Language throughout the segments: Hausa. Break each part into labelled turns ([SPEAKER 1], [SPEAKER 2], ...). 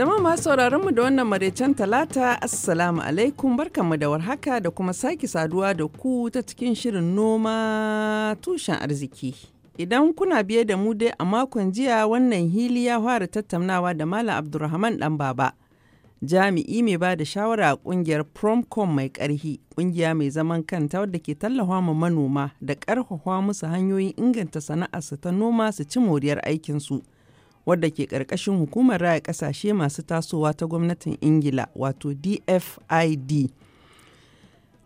[SPEAKER 1] Jama'a masu sauraron mu da wannan maraicen talata assalamu alaikum barkanmu da warhaka da kuma sake saduwa da ku ta cikin shirin noma tushen arziki. Idan kuna biye da mu dai a makon jiya wannan hili ya fara tattaunawa da Malam Abdulrahman dan baba. Jami'i mai ba da shawara a kungiyar Promcom mai karhi, kungiya mai zaman kanta wadda ke tallafa ma manoma da karfafa musu hanyoyin inganta sana'arsu ta noma su ci moriyar aikinsu. wadda ke ƙarƙashin hukumar raya ƙasashe masu tasowa ta gwamnatin ingila wato dfid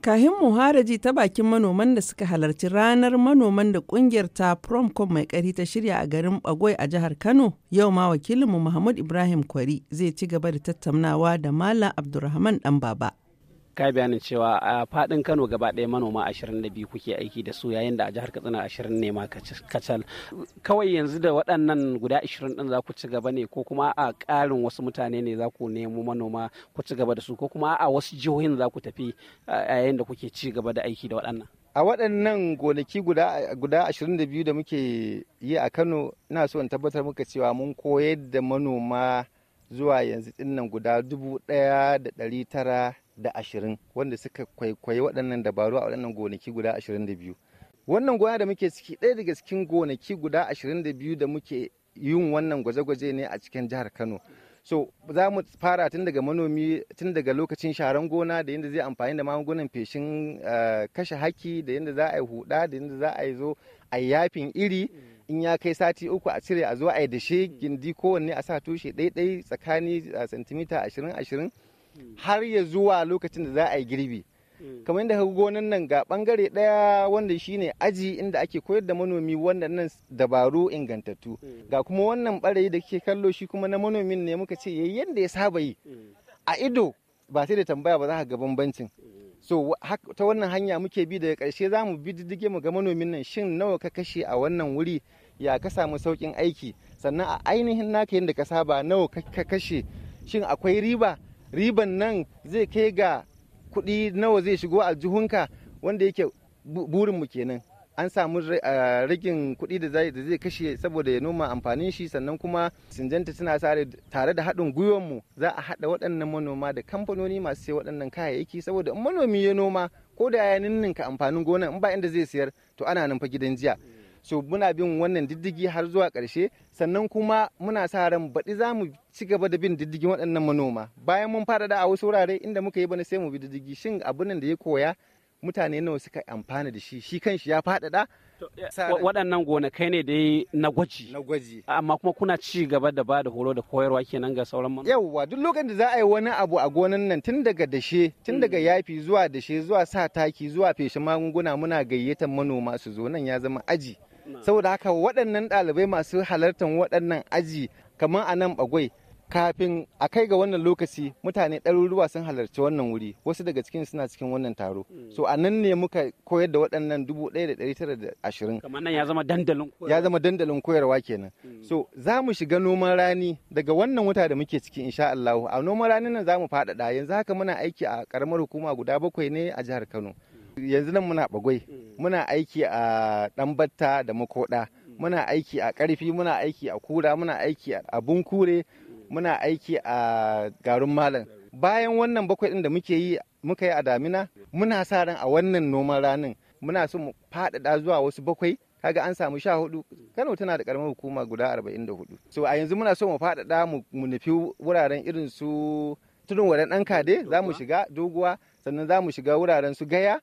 [SPEAKER 1] kahin muharaji ta bakin manoman da suka halarci ranar manoman da ƙungiyar ta promcom mai ƙari ta shirya a garin bagoi a jihar kano yau ma wakilinmu mahmud ibrahim kwari zai ci gaba da tattaunawa da malam abdulrahman dan baba
[SPEAKER 2] ka bayanin cewa a fadin kano gaba ɗaya manoma 22 kuke aiki da su yayin da a jihar katsina 20 ne ma kacal kawai yanzu da waɗannan guda 20 ɗin za ku ci gaba ne ko kuma a ƙarin wasu mutane ne za ku nemo manoma ku ci gaba da su ko kuma a wasu jihohin za ku tafi yayin da kuke ci gaba da aiki da waɗannan a waɗannan gonaki guda guda
[SPEAKER 3] 22 da muke yi a kano ina so in tabbatar muka cewa mun koyar da manoma zuwa yanzu nan guda dubu ɗaya da ɗari tara da ashirin wanda suka kwaikwayi waɗannan dabaru a waɗannan gonaki guda ashirin da biyu wannan gona da muke ciki ɗaya daga cikin gonaki guda ashirin da biyu da muke yin wannan gwaje-gwaje ne a cikin jihar kano so za mu fara tun daga manomi tun daga lokacin sharan gona da yadda zai amfani da magungunan feshin eh, kashe haki da yadda za a yi huda da yadda za a yi zo a yafin iri in ya kai sati uku a cire a zo a yi dashe gindi kowanne a sa tushe ɗaiɗai tsakani a eh, santimita ashirin ashirin har ya zuwa lokacin da za a yi girbi hmm. kamar yadda ka gonan nan ga bangare daya wanda shine aji inda ake koyar da manomi wanda nan dabaru ingantattu hmm. ga kuma wannan barayi da kake kallo shi kuma na manomin ne muka ce yayi yadda ya saba yi hmm. a ido ba sai da tambaya ba za ka ga bambancin so ta wannan hanya muke bi daga karshe za mu bi diddige mu ga manomin nan shin nawa ka kashe a wannan wuri ya ka samu saukin aiki sannan a ainihin naka yadda ka saba nawa ka kashe shin akwai riba riban nan zai kai ga kuɗi nawa zai shigo aljihunka wanda yake burinmu kenan an samu ragin kuɗi da zai kashe saboda ya noma amfanin shi sannan kuma sinjanta tana tare da haɗin gwiwanmu za a haɗa waɗannan manoma da kamfanoni masu sai waɗannan kayayyaki saboda manomi ya noma ko da ya ninninka amfanin gona in ba inda zai sayar to ana nan fa gidan jiya so muna bin wannan diddigi har zuwa ƙarshe sannan kuma muna sa ran baɗi za mu ci gaba da bin diddigin waɗannan manoma bayan mun fara da a wasu wurare inda muka yi bana sai mu bi diddigi shin abin da ya koya mutane nawa suka amfana da shi shi kanshi ya faɗaɗa
[SPEAKER 2] eh, waɗannan gonakai ne dai na gwaji na gwaji amma kuma kuna ci gaba da ba da horo da koyarwa kenan ga sauran manoma
[SPEAKER 3] yawwa duk lokacin da za a yi wani abu a gonan nan tun daga dashe tun daga mm. yafi zuwa dashe zuwa sa taki zuwa feshin magunguna muna gayyatar manoma su zo nan ya zama aji saboda haka waɗannan ɗalibai masu halartar waɗannan aji kamar a nan bagwai kafin a kai ga wannan lokaci mutane ɗaruruwa sun halarci wannan wuri wasu daga cikin suna cikin wannan taro hmm. so a nan ne muka koyar da waɗannan dubu ya zama dandalin koyarwa kenan hmm. so za mu shiga noman rani daga wannan wuta da muke ciki insha Allah a noman rani nan za mu faɗaɗa yanzu haka muna aiki a ƙaramar hukuma guda bakwai ne a jihar Kano yanzu nan muna bagwai mm. muna aiki a ɗanbatta da makoɗa mm. muna aiki a ƙarfi muna aiki a kura muna aiki a bunkure mm. muna aiki a garin malam bayan wannan bakwai ɗin da muke yi muka yi a damina muna sa ran a wannan noman ranin muna so mu faɗaɗa zuwa wasu bakwai kaga an samu sha hudu kano tana da karamin hukuma guda arba'in da hudu so a yanzu muna so mu faɗaɗa mu nufi wuraren irin su tudun wadan ɗan kade za mu shiga doguwa sannan za mu shiga wuraren su gaya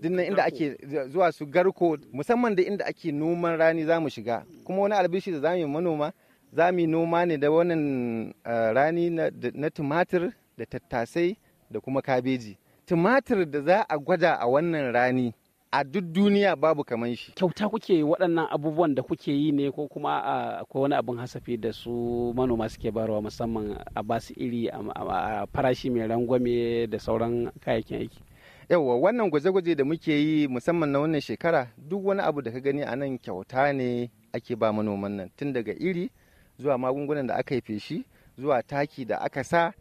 [SPEAKER 3] dinnan inda ake zuwa su garko musamman da inda ake noman rani za mu shiga kuma wani albishi da zamu yi manoma za mu noma ne da wannan rani na tumatir da tattasai da kuma kabeji tumatir da za a gwada a wannan rani a duk duniya
[SPEAKER 2] babu kamar shi kyauta kuke waɗannan abubuwan da kuke yi ne ko kuma akwai wani abin hasafi da su manoma suke barwa musamman a basu iri a farashi mai rangwame da sauran kayayyakin aiki yauwa wannan gwaje-gwaje da muke yi musamman na wannan shekara
[SPEAKER 3] duk wani abu da ka gani a nan kyauta ne ake ba manoman nan tun daga iri zuwa magungunan da aka yi feshi zuwa taki da aka sa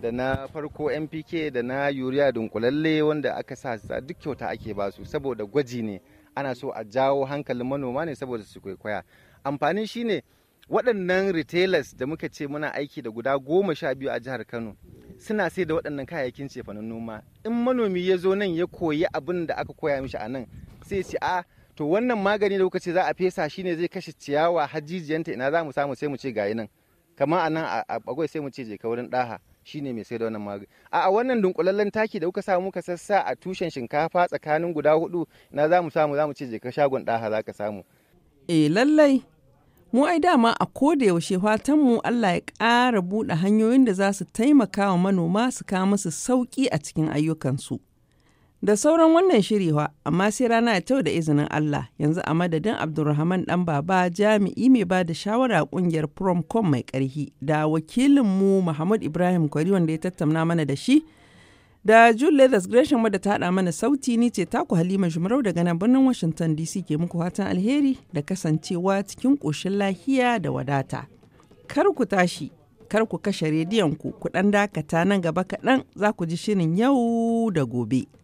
[SPEAKER 3] da na farko mpk da na yuriya dunkulalle wanda aka sa duk kyauta ake ba su saboda gwaji ne ana so a jawo hankalin manoma ne saboda su kwaikwaya amfanin shine waɗannan retailers da muka ce muna aiki da guda goma sha biyu a jihar kano suna sai da waɗannan kayayyakin cefanen noma in manomi ya zo nan ya koyi abin da aka koya mishi a nan sai ce a ah, to wannan magani da kuka ce za a fesa shine zai kashe ciyawa hajijiyanta ina za mu samu sai mu ce gayi nan kamar a nan a bagwai sai mu ce je ka wurin daha shine mai sai da wannan magani a wannan dunkulallen taki da kuka samu ka sassa a tushen shinkafa tsakanin guda hudu na za mu samu za mu ce je ka shagon ɗaha za ka samu
[SPEAKER 1] eh lallai Mu ai dama a koda yaushe fatan mu Allah ya ƙara buɗe hanyoyin da za su taimaka wa manoma su kawo musu sauƙi a cikin ayyukansu. Da sauran wannan shiri amma sai rana ta da izinin Allah yanzu a madadin Abdulrahman ɗan baba jami'i mai ba da shawara ƙungiyar Promcom mai ƙarfi da wakilinmu Muhammad Ibrahim Kwari wanda ya tattauna mana da shi. da June Leathers Gresham wadda ta haɗa mana sauti ni ce taku Halima Jumarau daga nan birnin Washington DC ke muku fatan alheri da kasancewa cikin ƙoshin lahiya da wadata. Kar ku tashi, kar ku kashe rediyon ku, ku ɗan dakata nan gaba kaɗan za ku ji shirin yau da gobe.